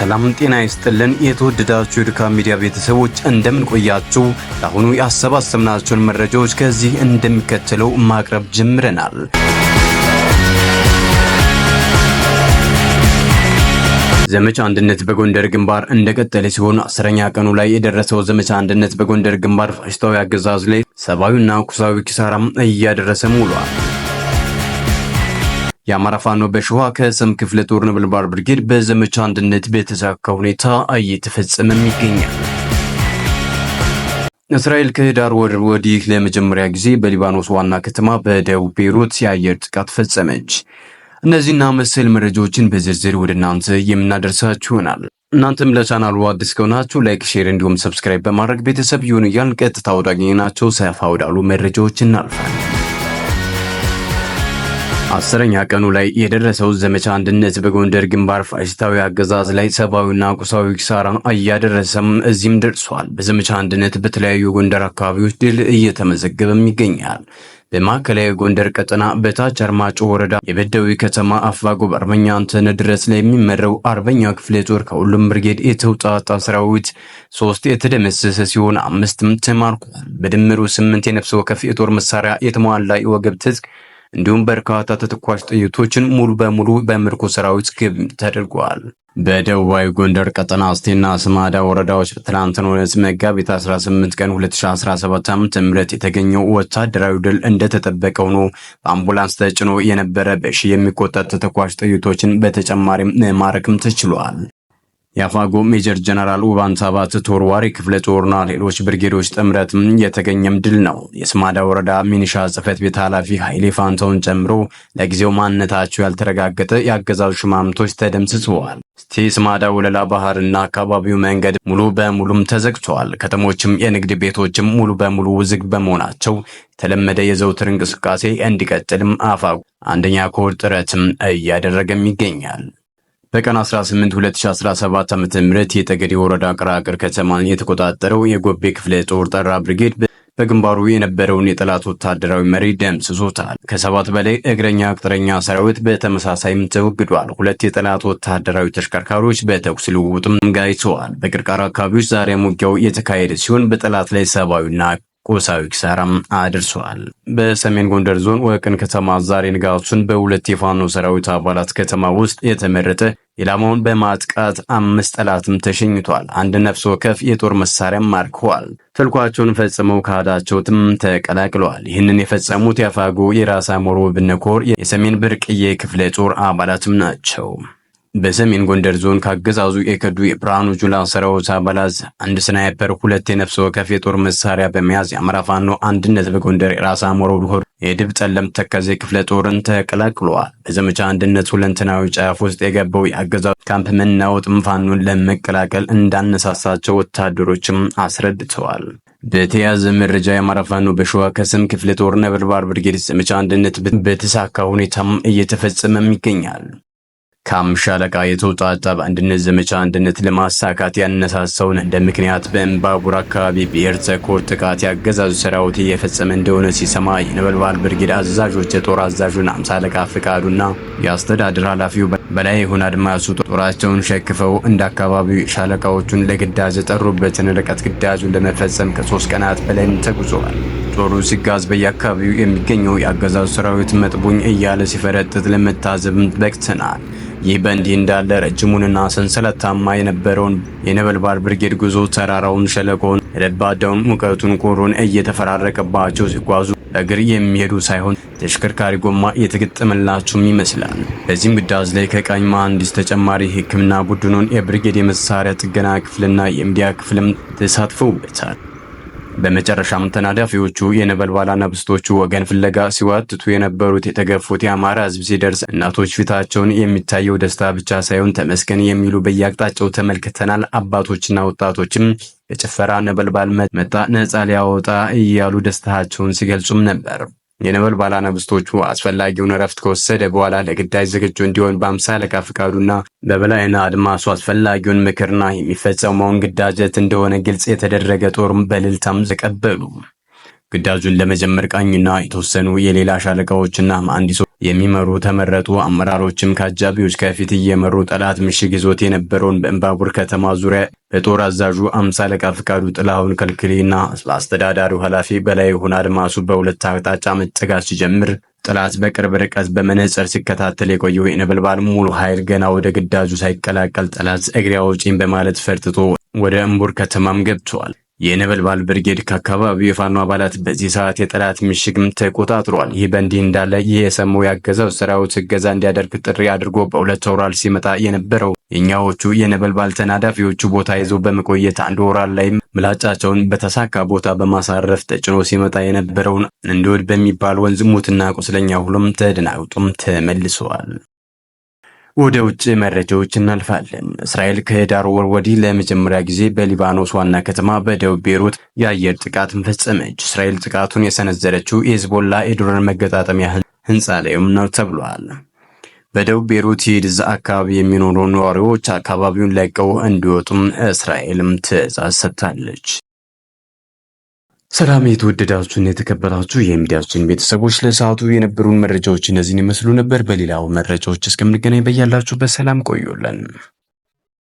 ሰላም ጤና ይስጥልን። የተወደዳችሁ የዱካ ሚዲያ ቤተሰቦች እንደምን ቆያችሁ? ለአሁኑ ያሰባሰብናቸውን መረጃዎች ከዚህ እንደሚከተለው ማቅረብ ጀምረናል። ዘመቻ አንድነት በጎንደር ግንባር እንደቀጠለ ሲሆን አስረኛ ቀኑ ላይ የደረሰው ዘመቻ አንድነት በጎንደር ግንባር ፋሽስታዊ አገዛዝ ላይ ሰብአዊና ቁሳዊ ኪሳራም እያደረሰ ውሏል። የአማራ ፋኖ በሸዋ ከሰም ክፍለ ጦር ነበልባል ብርጌድ በዘመቻ አንድነት በተሳካ ሁኔታ እየተፈጸመም ይገኛል። እስራኤል ከህዳር ወር ወዲህ ለመጀመሪያ ጊዜ በሊባኖስ ዋና ከተማ በደቡብ ቤይሩት የአየር ጥቃት ፈጸመች። እነዚህና መሰል መረጃዎችን በዝርዝር ወደ እናንተ የምናደርሳችሁ ይሆናል። እናንተም ለቻናሉ አዲስ ከሆናችሁ ላይክ፣ ሼር እንዲሁም ሰብስክራይብ በማድረግ ቤተሰብ ይሁን እያልን ቀጥታ ወዳገኘናቸው ሰፋ ወዳሉ መረጃዎች እናልፋለን። አስረኛ ቀኑ ላይ የደረሰው ዘመቻ አንድነት በጎንደር ግንባር ፋሽስታዊ አገዛዝ ላይ ሰብአዊና ቁሳዊ ኪሳራ እያደረሰም እዚህም ደርሷል። በዘመቻ አንድነት በተለያዩ የጎንደር አካባቢዎች ድል እየተመዘገበም ይገኛል። በማዕከላዊ ጎንደር ቀጠና በታች አርማጮ ወረዳ የበደዊ ከተማ አፋጎብ አርበኛ አንተነ ድረስ ላይ የሚመራው አርበኛ ክፍለ ጦር ከሁሉም ብርጌድ የተውጣጣ ሰራዊት ሶስት የተደመሰሰ ሲሆን አምስትም ተማርኳል። በድምሩ ስምንት የነፍስ ወከፍ የጦር መሳሪያ የተሟላ የወገብ ትጥቅ እንዲሁም በርካታ ተተኳሽ ጥይቶችን ሙሉ በሙሉ በምርኮ ሰራዊት ግብ ተደርጓል። በደቡባዊ ጎንደር ቀጠና አስቴና ስማዳ ወረዳዎች ትላንትን ዕለት መጋቢት 18 ቀን 2017 ዓ.ም የተገኘው ወታደራዊ ድል እንደተጠበቀ ሆኖ በአምቡላንስ ተጭኖ የነበረ በሺ የሚቆጠር ተተኳሽ ጥይቶችን በተጨማሪም መማረክም ተችሏል። የአፋጎ ሜጀር ጀነራል ውባንታ ቶርዋሪ ተወርዋሪ ክፍለ ጦርና ሌሎች ብርጌዶች ጥምረትም የተገኘም ድል ነው። የስማዳ ወረዳ ሚኒሻ ጽህፈት ቤት ኃላፊ ኃይሌ ፋንታውን ጨምሮ ለጊዜው ማንነታቸው ያልተረጋገጠ የአገዛዙ ሽማምቶች ተደምስሰዋል። ስቲ ስማዳ ወለላ ባህርና አካባቢው መንገድ ሙሉ በሙሉም ተዘግቷል። ከተሞችም የንግድ ቤቶችም ሙሉ በሙሉ ዝግ በመሆናቸው የተለመደ የዘውትር እንቅስቃሴ እንዲቀጥልም አፋጎ አንደኛ ኮር ጥረትም እያደረገም ይገኛል። በቀን 18 2017 ዓ ም የጠገዴ ወረዳ ቅራቅር ከተማን የተቆጣጠረው የጎቤ ክፍለ ጦር ጠራ ብርጌድ በግንባሩ የነበረውን የጠላት ወታደራዊ መሪ ደምስሶታል። ከሰባት በላይ እግረኛ ቅጥረኛ ሰራዊት በተመሳሳይም ተወግዷል። ሁለት የጠላት ወታደራዊ ተሽከርካሪዎች በተኩስ ልውውጥም ጋይተዋል። በቅርቃር አካባቢዎች ዛሬ ውጊያው የተካሄደ ሲሆን በጠላት ላይ ሰብአዊና ቁሳዊ ኪሳራም አድርሰዋል። በሰሜን ጎንደር ዞን ወቅን ከተማ ዛሬ ንጋቱን በሁለት የፋኖ ሰራዊት አባላት ከተማ ውስጥ የተመረጠ ኢላማውን በማጥቃት አምስት ጠላትም ተሸኝቷል። አንድ ነፍስ ወከፍ የጦር መሳሪያም ማርከዋል። ተልኳቸውን ፈጽመው ካህዳቸውትም ተቀላቅለዋል። ይህንን የፈጸሙት የአፋጎ የራስ አሞሮ ብነኮር የሰሜን ብርቅዬ ክፍለ ጦር አባላትም ናቸው። በሰሜን ጎንደር ዞን ካገዛዙ የከዱ የብርሃኑ ጁላ ሰራዊት አባላት አንድ ስናይፐር፣ ሁለት የነፍስ ወከፍ የጦር መሳሪያ በመያዝ የአማራ ፋኖ አንድነት በጎንደር የራስ አሞረ ብሆር የድብ ጠለምት ተከዜ ክፍለ ጦርን ተቀላቅለዋል። በዘመቻ አንድነት ሁለንተናዊ ጫፍ ውስጥ የገባው የአገዛዙ ካምፕ መናወጥም ፋኖን ለመቀላቀል እንዳነሳሳቸው ወታደሮችም አስረድተዋል። በተያዘ መረጃ የአማራ ፋኖ በሸዋ ከስም ክፍለ ጦር ነበልባል ብርጌድ ዘመቻ አንድነት በተሳካ ሁኔታም እየተፈጸመም ይገኛል። ከአምስት ሻለቃ የተውጣጣ በአንድነት ዘመቻ አንድነት ለማሳካት ያነሳሳውን እንደ ምክንያት በእምባቡር አካባቢ ብሔር ተኮር ጥቃት ያገዛዙ ሰራዊት እየፈጸመ እንደሆነ ሲሰማ የነበልባል ብርጌድ አዛዦች የጦር አዛዡን አምሳ አለቃ ፍቃዱና የአስተዳደር ኃላፊው በላይ ይሁን አድማሱ ጦራቸውን ሸክፈው እንደ አካባቢው ሻለቃዎቹን ለግዳጅ የጠሩበትን ርቀት ግዳጁን ለመፈጸም ከሶስት ቀናት በላይም ተጉዘዋል። ጦሩ ሲጋዝ በየአካባቢው የሚገኘው የአገዛዙ ሰራዊት መጥቡኝ እያለ ሲፈረጥጥ ለመታዘብም በቅተናል። ይህ በእንዲህ እንዳለ ረጅሙንና ሰንሰለታማ የነበረውን የነበልባል ብርጌድ ጉዞ ተራራውን፣ ሸለቆውን፣ ረባዳውን፣ ሙቀቱን፣ ቁሩን እየተፈራረቀባቸው ሲጓዙ በእግር የሚሄዱ ሳይሆን ተሽከርካሪ ጎማ እየተገጠመላቸውም ይመስላል። በዚህም ግዳጅ ላይ ከቃኝ መሐንዲስ ተጨማሪ ሕክምና ቡድኑን የብርጌድ የመሳሪያ ጥገና ክፍልና የሚዲያ ክፍልም ተሳትፈውበታል። በመጨረሻም ተናዳፊዎቹ የነበልባላ ነብስቶቹ ወገን ፍለጋ ሲዋትቱ የነበሩት የተገፉት የአማራ ህዝብ ሲደርስ እናቶች ፊታቸውን የሚታየው ደስታ ብቻ ሳይሆን ተመስገን የሚሉ በየአቅጣጫው ተመልክተናል። አባቶችና ወጣቶችም የጭፈራ ነበልባል መጣ ነፃ ሊያወጣ እያሉ ደስታቸውን ሲገልጹም ነበር። የነበልባል አናብስቶቹ አስፈላጊውን እረፍት ከወሰደ በኋላ ለግዳጅ ዝግጁ እንዲሆን በአምሳ አለቃ ፍቃዱና በበላይና አድማሱ አስፈላጊውን ምክርና የሚፈጸመውን ግዳጀት እንደሆነ ግልጽ የተደረገ ጦር በልልታም ተቀበሉ። ግዳጁን ለመጀመር ቃኝና የተወሰኑ የሌላ ሻለቃዎችና አንድ የሚመሩ ተመረጡ አመራሮችም ከአጃቢዎች ከፊት እየመሩ ጠላት ምሽግ ይዞት የነበረውን በእምባቡር ከተማ ዙሪያ በጦር አዛዡ አምሳ አለቃ ፍቃዱ ጥላሁን ከልክሌና አስተዳዳሪው ኃላፊ በላይ ይሁን አድማሱ በሁለት አቅጣጫ መጠጋት ሲጀምር ጠላት በቅርብ ርቀት በመነጽር ሲከታተል የቆየው የነበልባል ሙሉ ኃይል ገና ወደ ግዳጁ ሳይቀላቀል ጠላት እግሬ አውጪኝ በማለት ፈርጥቶ ወደ እምቡር ከተማም ገብተዋል። የነበልባል ብርጌድ ከአካባቢው የፋኖ አባላት በዚህ ሰዓት የጠላት ምሽግም ተቆጣጥሯል። ይህ በእንዲህ እንዳለ ይህ የሰማው ያገዘው ሰራዊት እገዛ እንዲያደርግ ጥሪ አድርጎ በሁለት ወራል ሲመጣ የነበረው የኛዎቹ የነበልባል ተናዳፊዎቹ ቦታ ይዞ በመቆየት አንድ ወራል ላይ ምላጫቸውን በተሳካ ቦታ በማሳረፍ ተጭኖ ሲመጣ የነበረውን እንዲወድ በሚባል ወንዝ ሙትና ቁስለኛ ሁሉም ተደናግጡም ተመልሰዋል። ወደ ውጭ መረጃዎች እናልፋለን። እስራኤል ከህዳር ወር ወዲህ ለመጀመሪያ ጊዜ በሊባኖስ ዋና ከተማ በደቡብ ቤይሩት የአየር ጥቃትን ፈጸመች። እስራኤል ጥቃቱን የሰነዘረችው የሄዝቦላ የድሮን መገጣጠሚያ ህንፃ ላይም ነው ተብሏል። በደቡብ ቤይሩት ይድዝ አካባቢ የሚኖሩ ነዋሪዎች አካባቢውን ለቀው እንዲወጡም እስራኤልም ትዕዛዝ ሰጥታለች። ሰላም የተወደዳችሁን የተከበራችሁ የሚዲያችን ቤተሰቦች ለሰዓቱ የነበሩን መረጃዎች እነዚህን ይመስሉ ነበር። በሌላው መረጃዎች እስከምንገናኝ በያላችሁ በሰላም ቆዩልን።